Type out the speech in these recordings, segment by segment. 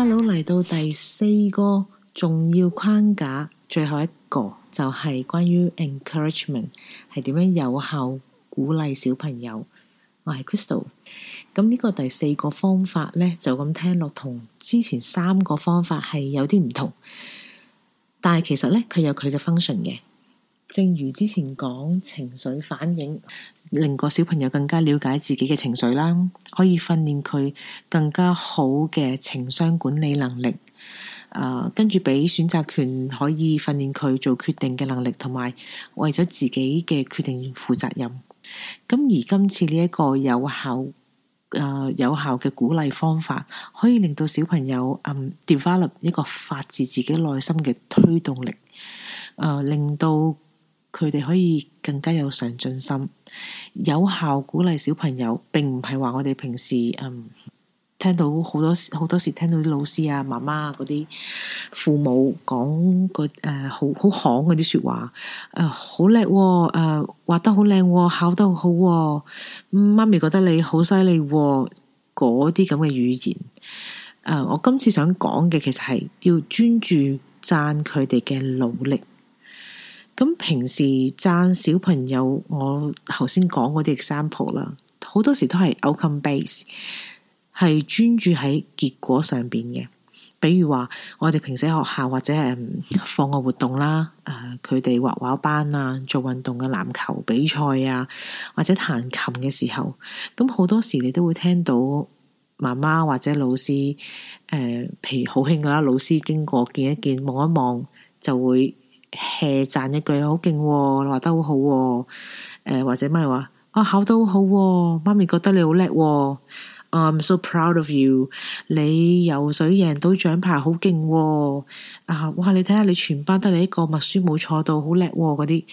hello 嚟到第四個重要框架，最後一個就係關於 encouragement，係點樣有效鼓勵小朋友。我係 Christal，咁呢個第四個方法咧，就咁聽落同之前三個方法係有啲唔同，但係其實咧佢有佢嘅 function 嘅。正如之前講，情緒反應令個小朋友更加了解自己嘅情緒啦，可以訓練佢更加好嘅情商管理能力。呃、跟住俾選擇權，可以訓練佢做決定嘅能力，同埋為咗自己嘅決定負責任。咁而今次呢一個有效、呃、有效嘅鼓勵方法，可以令到小朋友嗯 develop 一個發自自己內心嘅推動力。呃、令到。佢哋可以更加有上進心，有效鼓勵小朋友，並唔係話我哋平時嗯聽到好多好多時聽到啲老師啊、媽媽啊嗰啲父母講個誒好好行嗰啲說話，誒好叻，誒畫、啊呃、得好靚、啊，考得好好、啊，媽咪覺得你好犀利，嗰啲咁嘅語言，誒、呃，我今次想講嘅其實係要專注讚佢哋嘅努力。咁平時讚小朋友，我頭先講嗰啲 example 啦，好多時都係 outcome base，係專注喺結果上邊嘅。比如話我哋平時喺學校或者係課外活動啦，誒，佢哋畫畫班啊，做運動嘅籃球比賽啊，或者彈琴嘅時候，咁好多時你都會聽到媽媽或者老師，誒、呃、譬如好興噶啦，老師經過見一見望一望就會，h e 讚一句、哦、好勁、哦，話得好好，誒或者咩話啊考得好好、哦，媽咪覺得你好叻，I'm so proud of you，你游水贏到獎牌好勁、哦，啊哇你睇下你全班得你一個默書冇錯到好叻嗰啲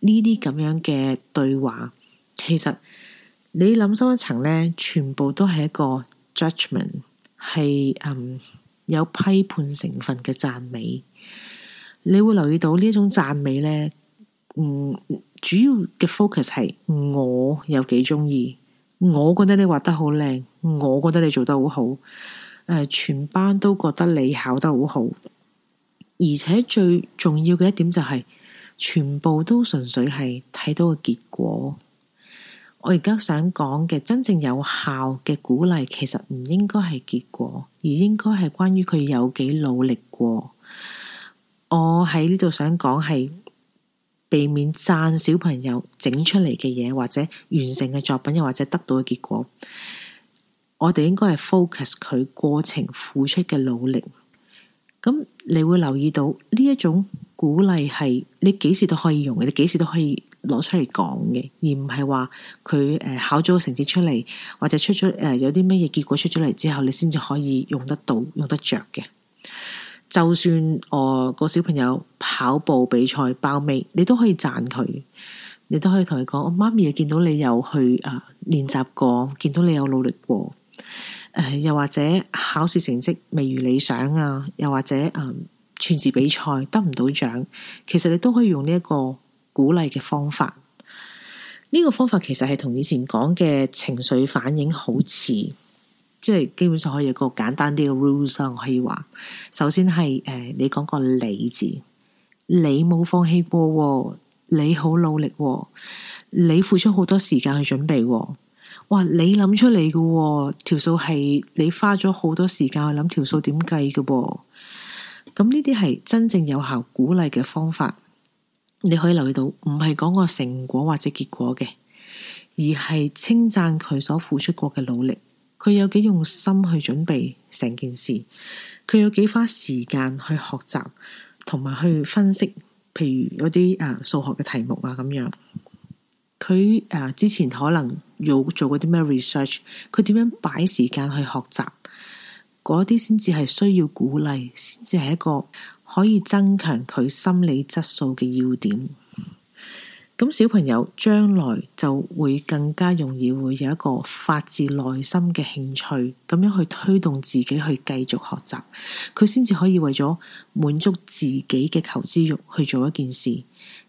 呢啲咁樣嘅對話，其實你諗深一層呢，全部都係一個 judgment，係 um，有批判成分嘅讚美。你會留意到呢一種讚美呢，嗯，主要嘅 focus 係我有幾中意，我覺得你畫得好靚，我覺得你做得好好，誒、呃，全班都覺得你考得好好，而且最重要嘅一點就係、是、全部都純粹係睇到個結果。我而家想講嘅真正有效嘅鼓勵，其實唔應該係結果，而應該係關於佢有幾努力過。我喺呢度想講係避免讚小朋友整出嚟嘅嘢，或者完成嘅作品，又或者得到嘅結果。我哋應該係 focus 佢過程付出嘅努力。咁你會留意到呢一種鼓勵係你幾時都可以用嘅，你幾時都可以攞出嚟講嘅，而唔係話佢誒考咗個成績出嚟，或者出咗誒有啲乜嘢結果出咗嚟之後，你先至可以用得到、用得着嘅。就算我個小朋友跑步比賽爆尾，你都可以讚佢，你都可以同佢講，oh, 媽咪又見到你有去啊練習過，見到你有、啊、努力過、呃。又或者考試成績未如理想啊，又或者誒，串、啊、字比賽得唔到獎，其實你都可以用呢一個鼓勵嘅方法。呢、呢個方法其實係同以前講嘅情緒反應好似。即係基本上可以有個簡單啲嘅 rules 啊，可以話首先係誒、呃，你講個你字，你冇放棄過、喎，你好努力、喎，你付出好多時間去準備、喎，哇！你諗出嚟嘅、喎、條數係你花咗好多時間去諗條數點計嘅、喎，咁呢啲係真正有效鼓勵嘅方法。你可以留意到，唔係講個成果或者結果嘅，而係稱讚佢所付出過嘅努力。佢有幾用心去準備成件事，佢有幾花時間去學習同埋去分析，譬如有啲啊數學嘅題目啊咁樣。佢誒、啊、之前可能有做過啲咩 research，佢點樣擺時間去學習嗰啲，先至係需要鼓勵，先至係一個可以增強佢心理質素嘅要點。咁小朋友將來就會更加容易會有一個發自內心嘅興趣，咁樣去推動自己去繼續學習，佢先至可以為咗滿足自己嘅求知欲去做一件事，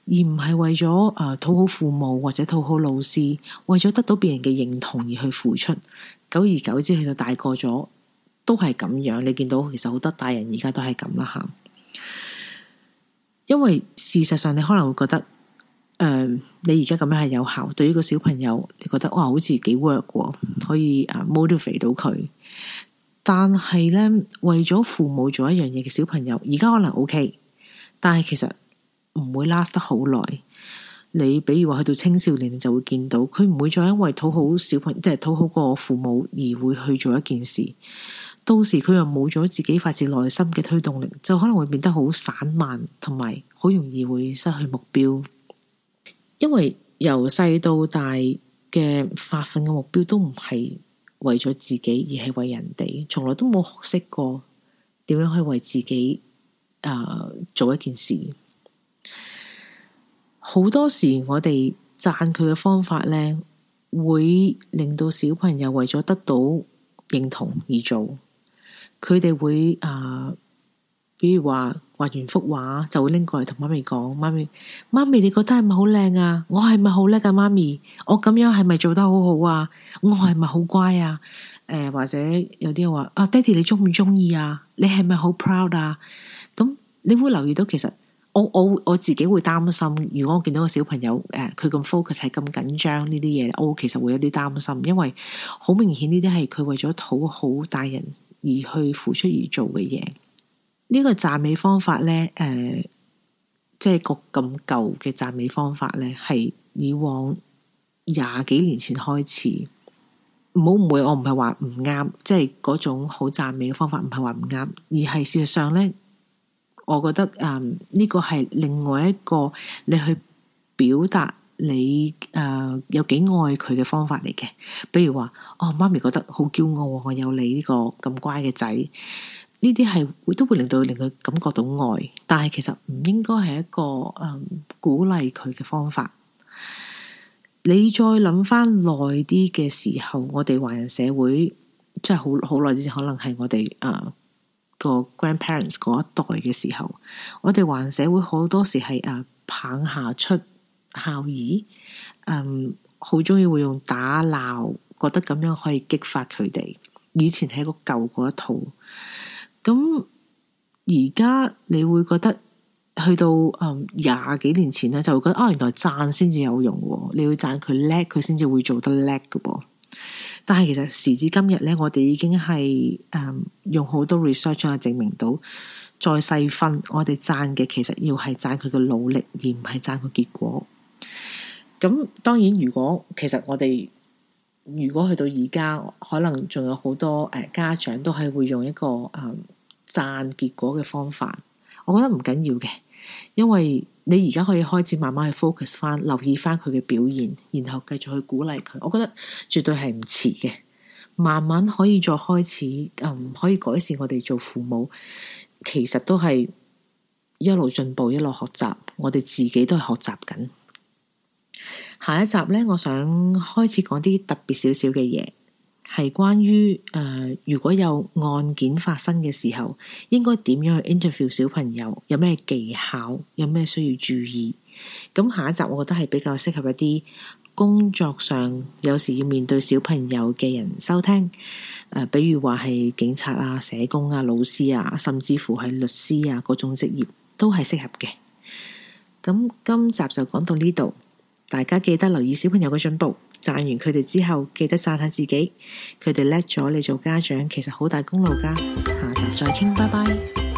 而唔係為咗誒討好父母或者討好老師，為咗得到別人嘅認同而去付出。久而久之就，去到大個咗都係咁樣。你見到其實好多大人而家都係咁啦，吓，因為事實上你可能會覺得。誒，uh, 你而家咁樣係有效，對於個小朋友，你覺得哇，好似幾 work，可以誒、uh, motivate 到佢。但係呢，為咗父母做一樣嘢嘅小朋友，而家可能 okay，但係其實唔會 last 得好耐。你比如話去到青少年，你就會見到佢唔會再因為討好小朋，即係討好個父母而會去做一件事。到時佢又冇咗自己發自內心嘅推動力，就可能會變得好散漫，同埋好容易會失去目標。因為由細到大嘅發奮嘅目標都唔係為咗自己，而係為人哋，從來都冇學識過點樣去為自己誒、呃、做一件事。好多時我哋讚佢嘅方法咧，會令到小朋友為咗得到認同而做，佢哋會誒。呃比如話畫完幅畫，就會拎過嚟同媽咪講，媽咪媽咪，你覺得係咪好靚啊？我係咪好叻噶？媽咪，我咁樣係咪做得好好啊？我係咪好乖啊？誒、呃，或者有啲人話，啊，爹哋你中唔中意啊？你係咪好 proud 啊？咁你會留意到，其實我我我自己會擔心，如果我見到個小朋友，誒、呃，佢咁 focus，係咁緊張呢啲嘢，我其實會有啲擔心，因為好明顯呢啲係佢為咗討好大人而去付出而做嘅嘢。呢個讚美方法呢，誒、呃，即係個咁舊嘅讚美方法呢，係以往廿幾年前開始。唔好誤會，我唔係話唔啱，即係嗰種好讚美嘅方法唔係話唔啱，而係事實上呢，我覺得誒呢、呃這個係另外一個你去表達你誒、呃、有幾愛佢嘅方法嚟嘅。比如話，哦，媽咪覺得好驕傲，我有你呢個咁乖嘅仔。呢啲係都會令到令佢感覺到愛，但係其實唔應該係一個、嗯、鼓勵佢嘅方法。你再諗翻耐啲嘅時候，我哋華人社會即係好好耐之前，可能係我哋誒、啊、個 grandparents 嗰一代嘅時候，我哋華人社會好多時係誒、啊、棒下出孝義，嗯、好中意會用打鬧，覺得咁樣可以激發佢哋。以前係一個舊嗰一套。咁而家你會覺得去到嗯，廿幾年前咧，就會覺得，哦，原來讚先至有用，你要讚佢叻，佢先至會做得叻嘅噃。但係其實時至今日咧，我哋已經係誒、嗯、用好多 research 嚟證明到再細分，我哋讚嘅其實要係讚佢嘅努力，而唔係讚佢結果。咁當然，如果其實我哋。如果去到而家，可能仲有好多誒、呃、家長都係會用一個誒讚、呃、結果嘅方法，我覺得唔緊要嘅，因為你而家可以開始慢慢去 focus 翻，留意翻佢嘅表現，然後繼續去鼓勵佢，我覺得絕對係唔遲嘅。慢慢可以再開始，嗯、呃，可以改善我哋做父母，其實都係一路進步一路學習，我哋自己都係學習緊。下一集呢，我想開始講啲特別少少嘅嘢，係關於誒、呃，如果有案件發生嘅時候，應該點樣去 interview 小朋友？有咩技巧？有咩需要注意？咁下一集，我覺得係比較適合一啲工作上有時要面對小朋友嘅人收聽誒、呃，比如話係警察啊、社工啊、老師啊，甚至乎係律師啊嗰種職業都係適合嘅。咁今集就講到呢度。大家記得留意小朋友嘅進步，讚完佢哋之後，記得讚下自己。佢哋叻咗，你做家長其實好大功勞㗎。下集再傾，拜拜。